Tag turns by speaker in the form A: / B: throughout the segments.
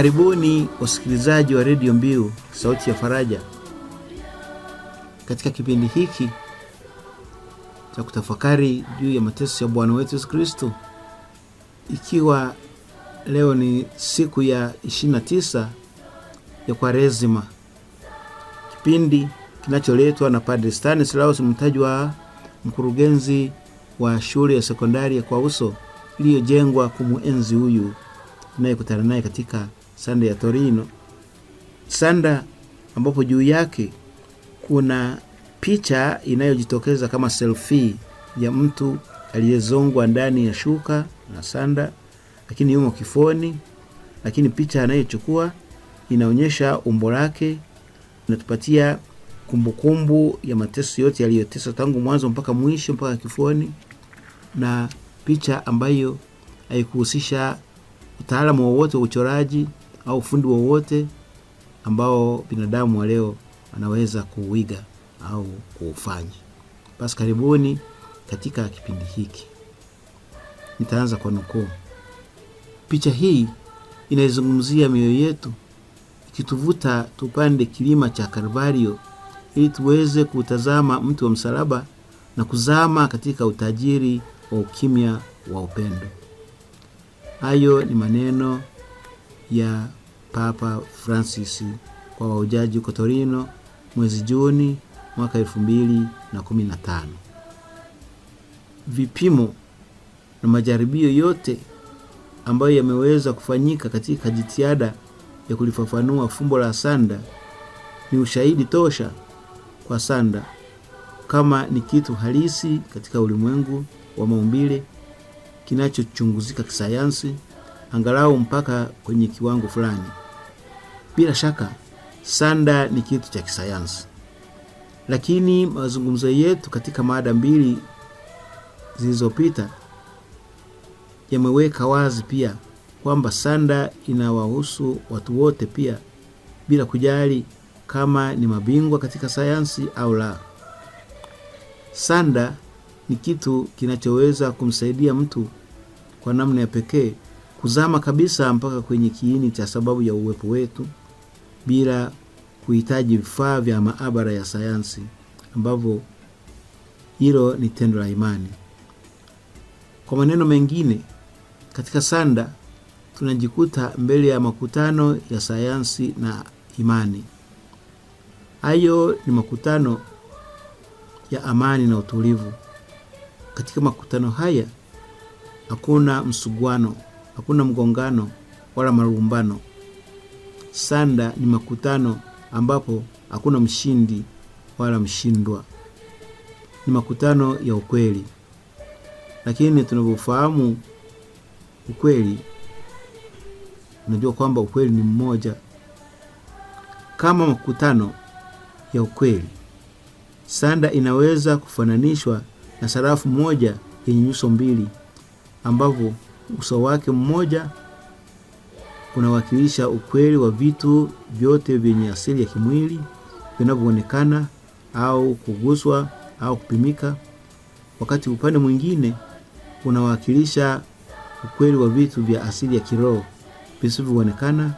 A: Karibuni wasikilizaji wa redio Mbiu sauti ya Faraja katika kipindi hiki cha kutafakari juu ya mateso ya Bwana wetu Yesu Kristo, ikiwa leo ni siku ya 29 ya kwarezima kipindi kinacholetwa na Padre Stanislaus wa mkurugenzi wa shule ya sekondari ya Kwauso iliyojengwa kumuenzi huyu tunayekutana naye katika sanda ya Torino, sanda ambapo juu yake kuna picha inayojitokeza kama selfie ya mtu aliyezongwa ndani ya shuka na sanda, lakini yumo kifoni, lakini picha anayochukua inaonyesha umbo lake, inatupatia kumbukumbu ya mateso yote yaliyoteswa tangu mwanzo mpaka mwisho mpaka kifoni, na picha ambayo haikuhusisha utaalamu wowote wa uchoraji au ufundi wowote ambao binadamu wa leo anaweza kuuiga au kuufanya. Basi karibuni katika kipindi hiki. Nitaanza kwa nukuu. Picha hii inaizungumzia mioyo yetu ikituvuta tupande kilima cha Kalvario ili tuweze kutazama mti wa msalaba na kuzama katika utajiri wa ukimya wa upendo. Hayo ni maneno ya Papa Francis kwa wahujaji huko Torino mwezi Juni mwaka 2015. Vipimo na majaribio yote ambayo yameweza kufanyika katika jitihada ya kulifafanua fumbo la sanda ni ushahidi tosha kwa sanda kama ni kitu halisi katika ulimwengu wa maumbile kinachochunguzika kisayansi angalau mpaka kwenye kiwango fulani. Bila shaka sanda ni kitu cha kisayansi, lakini mazungumzo yetu katika mada mbili zilizopita yameweka wazi pia kwamba sanda inawahusu watu wote pia bila kujali kama ni mabingwa katika sayansi au la. Sanda ni kitu kinachoweza kumsaidia mtu kwa namna ya pekee kuzama kabisa mpaka kwenye kiini cha sababu ya uwepo wetu bila kuhitaji vifaa vya maabara ya sayansi ambavyo hilo ni tendo la imani. Kwa maneno mengine, katika sanda tunajikuta mbele ya makutano ya sayansi na imani. Hayo ni makutano ya amani na utulivu. Katika makutano haya hakuna msuguano hakuna mgongano wala marumbano. Sanda ni makutano ambapo hakuna mshindi wala mshindwa, ni makutano ya ukweli. Lakini tunavyofahamu ukweli, unajua kwamba ukweli ni mmoja. Kama makutano ya ukweli, sanda inaweza kufananishwa na sarafu moja yenye nyuso mbili ambapo uso wake mmoja unawakilisha ukweli wa vitu vyote vyenye asili ya kimwili vinavyoonekana au kuguswa au kupimika, wakati upande mwingine unawakilisha ukweli wa vitu vya asili ya kiroho visivyoonekana,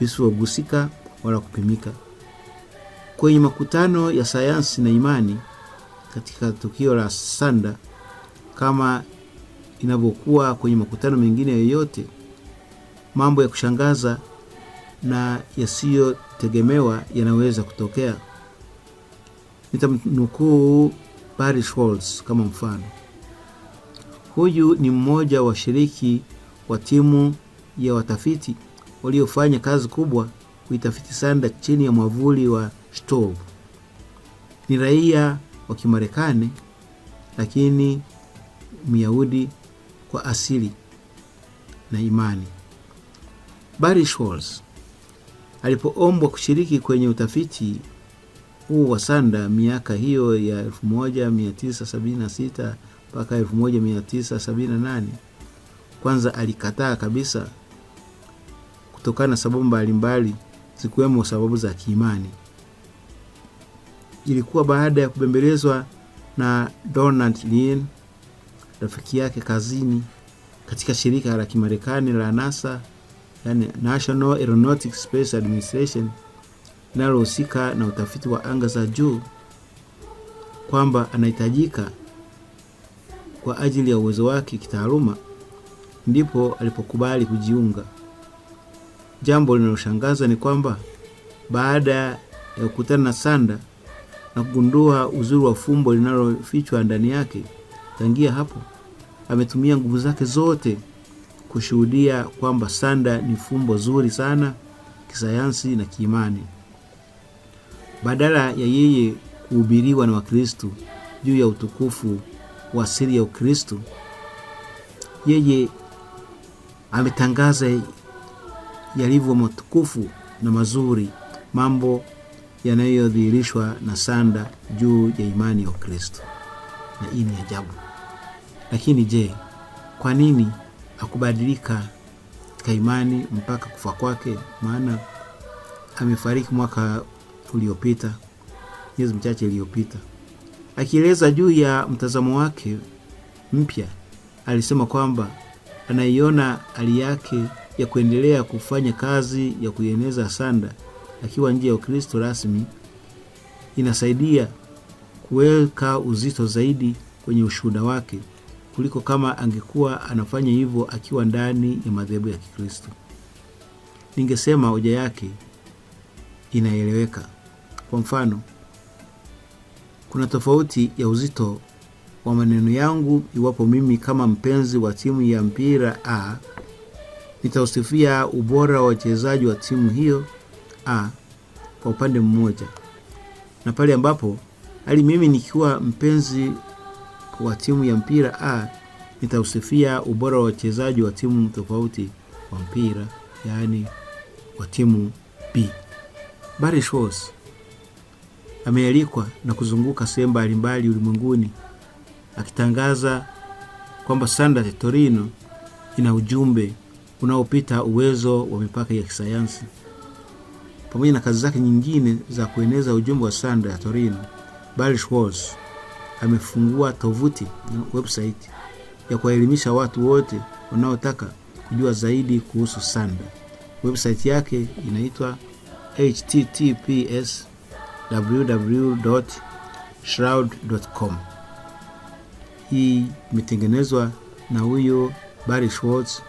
A: visivyogusika wala kupimika. Kwenye makutano ya sayansi na imani katika tukio la sanda kama inavyokuwa kwenye makutano mengine yoyote. Mambo ya kushangaza na yasiyotegemewa yanaweza kutokea. Nitamnukuu Barry Schwartz kama mfano. Huyu ni mmoja wa washiriki wa timu ya watafiti waliofanya kazi kubwa kuitafiti sanda chini ya mwavuli wa Stowe. Ni raia wa Kimarekani lakini Myahudi wa asili na imani. Barry Schwartz alipoombwa kushiriki kwenye utafiti huu wa sanda miaka hiyo ya 1976 mpaka 1978, kwanza alikataa kabisa kutokana na sababu mbalimbali zikiwemo sababu za kiimani. Ilikuwa baada ya kubembelezwa na Donald Lynn rafiki yake kazini katika shirika la Kimarekani la NASA, yani National Aeronautics Space Administration, linalohusika na utafiti wa anga za juu kwamba anahitajika kwa ajili ya uwezo wake kitaaluma, ndipo alipokubali kujiunga. Jambo linaloshangaza ni kwamba baada ya kukutana na Sanda na kugundua uzuri wa fumbo linalofichwa ndani yake, tangia hapo ametumia nguvu zake zote kushuhudia kwamba sanda ni fumbo zuri sana kisayansi na kiimani. Badala ya yeye kuhubiriwa na Wakristo juu ya utukufu wa siri ya Ukristo, yeye ametangaza yalivyo matukufu na mazuri mambo yanayodhihirishwa na sanda juu ya imani ya Ukristo, na hii ni ajabu. Lakini je, kwa nini hakubadilika katika imani mpaka kufa kwake? Maana amefariki mwaka uliopita, miezi michache iliyopita. Akieleza juu ya mtazamo wake mpya, alisema kwamba anaiona hali yake ya kuendelea kufanya kazi ya kuieneza sanda akiwa nje ya Ukristo rasmi inasaidia kuweka uzito zaidi kwenye ushuhuda wake kuliko kama angekuwa anafanya hivyo akiwa ndani ya madhehebu ya Kikristo. Ningesema hoja yake inaeleweka. Kwa mfano, kuna tofauti ya uzito wa maneno yangu iwapo mimi kama mpenzi wa timu ya mpira A nitausifia ubora wa wachezaji wa timu hiyo A kwa upande mmoja, na pale ambapo hali mimi nikiwa mpenzi wa timu ya mpira A nitausifia ubora wa wachezaji wa timu tofauti wa mpira, yaani wa timu B. Barry Schwartz amealikwa na kuzunguka sehemu mbalimbali ulimwenguni akitangaza kwamba Sanda Torino ina ujumbe unaopita uwezo wa mipaka ya kisayansi. Pamoja na kazi zake nyingine za kueneza ujumbe wa Sanda ya Torino, Barry Schwartz amefungua tovuti na website ya kuwaelimisha watu wote wanaotaka kujua zaidi kuhusu sanda. Website yake inaitwa https www Hii imetengenezwa na huyo Barry Schwartz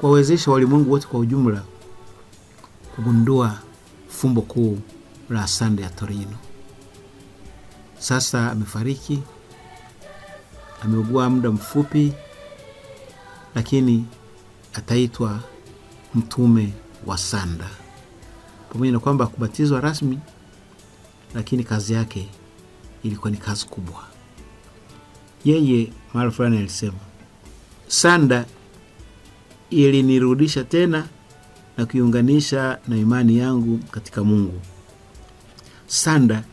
A: kuwawezesha walimwengu wote kwa ujumla kugundua fumbo kuu la sanda ya Torino sasa amefariki, ameugua muda mfupi, lakini ataitwa mtume wa sanda, pamoja na kwamba kubatizwa rasmi, lakini kazi yake ilikuwa ni kazi kubwa. Yeye mara fulani alisema, sanda ilinirudisha tena na kuiunganisha na imani yangu katika Mungu. Sanda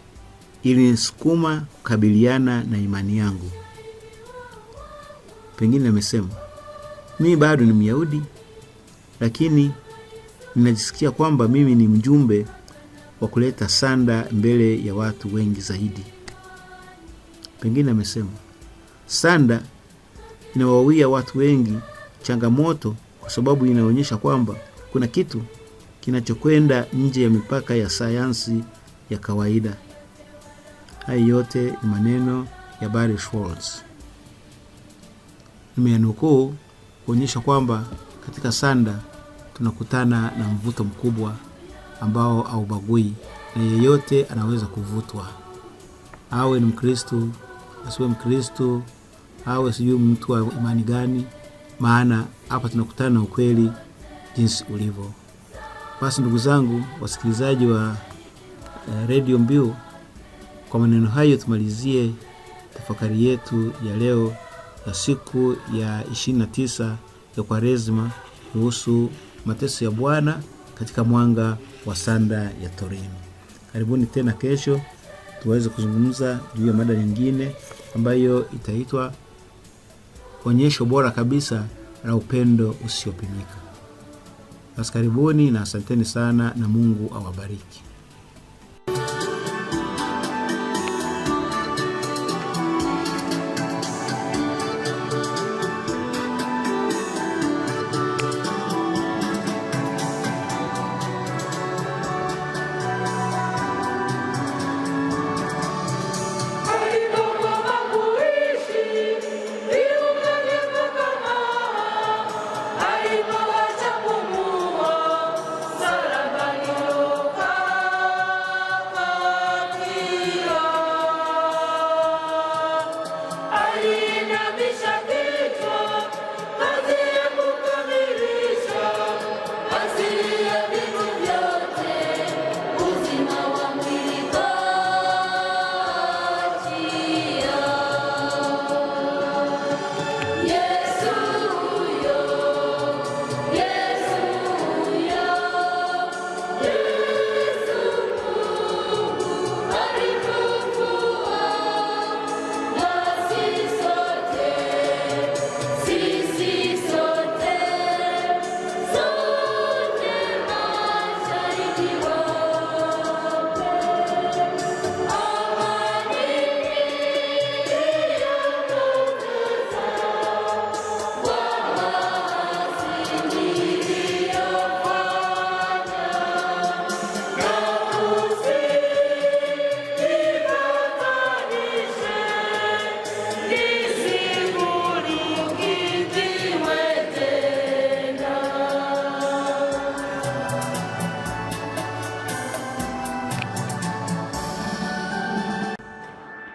A: ilinisukuma kukabiliana na imani yangu. Pengine amesema mimi bado ni Myahudi, lakini ninajisikia kwamba mimi ni mjumbe wa kuleta sanda mbele ya watu wengi zaidi. Pengine amesema sanda inawawia watu wengi changamoto, kwa sababu inaonyesha kwamba kuna kitu kinachokwenda nje ya mipaka ya sayansi ya kawaida. Hayo yote ni maneno ya Barry Schwartz, nimeyanukuu kuonyesha kwamba katika sanda tunakutana na mvuto mkubwa ambao haubagui na yeyote anaweza kuvutwa, awe ni Mkristu asiwe Mkristu, awe sijui mtu wa imani gani, maana hapa tunakutana na ukweli jinsi ulivyo. Basi ndugu zangu wasikilizaji wa uh, eh, redio Mbiu kwa maneno hayo tumalizie tafakari yetu ya leo ya siku ya 29 ya Kwaresma kuhusu mateso ya Bwana katika mwanga wa sanda ya Torino. Karibuni tena kesho tuweze kuzungumza juu ya mada nyingine ambayo itaitwa onyesho bora kabisa la upendo usiopimika. Basi karibuni na asanteni sana, na Mungu awabariki.